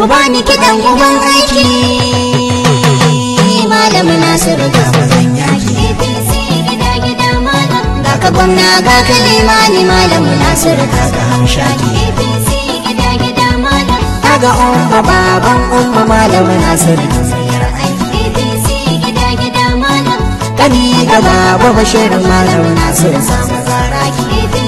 ku bani kiɗan uban aiki malam nasiru ga mazan yaki apc gida gida malam ga ka gwamna ga ka limani malam nasiru ga ka hamshaki gida gida malam ga umma baban umma malamin nasiru ga zayar aiki apc gida gida malam kani ga baba bashirin malam nasiru ga mazaraki apc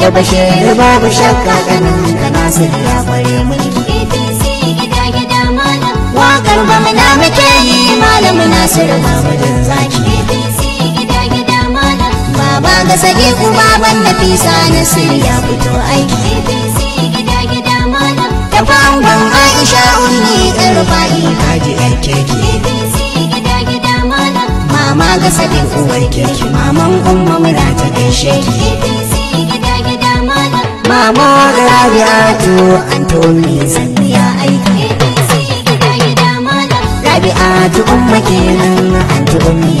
da bashir babu shakka ganin da nasir ya kware mulki apc gida gida malam wakar ba na muke yi malam nasir mamadin zaki apc gida gida malam baba ga sake ku baban nafisa nasir ya fito aiki apc gida gida malam da bangon aisha unni ɗan rufa'i haji ake apc gida gida malam mama ga sake uwar keke maman umma mura ta gaishe ki mama ga rabi'atu an tomi sanniya aiki rabi'atu umma kenan an tomi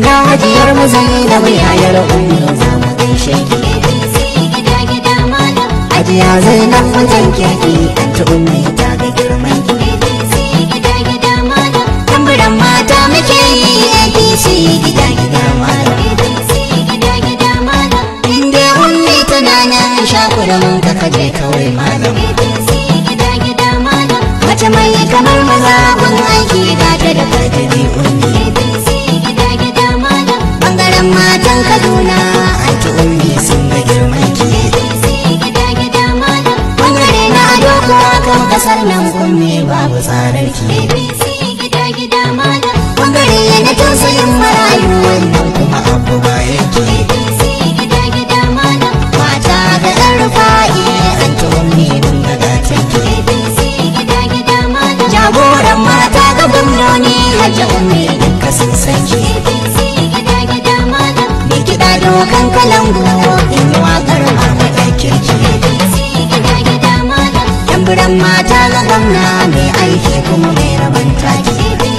ina hajiyar mu zai da mai ayar umma za mu gaishe ki hajiya zai nan mutan kirki malamin ka kaje kawai malam gida mace mai kamar maza gun aiki ga ta da fartani kunni gida bangaren matan kaduna aiki ummi sun ga girman ki gida bangare na ado kuwa kan kasar nan kunni babu tsarar ki gida bangare na tausayin marayu ta na gwamna mai aiki kuma mai rabon taki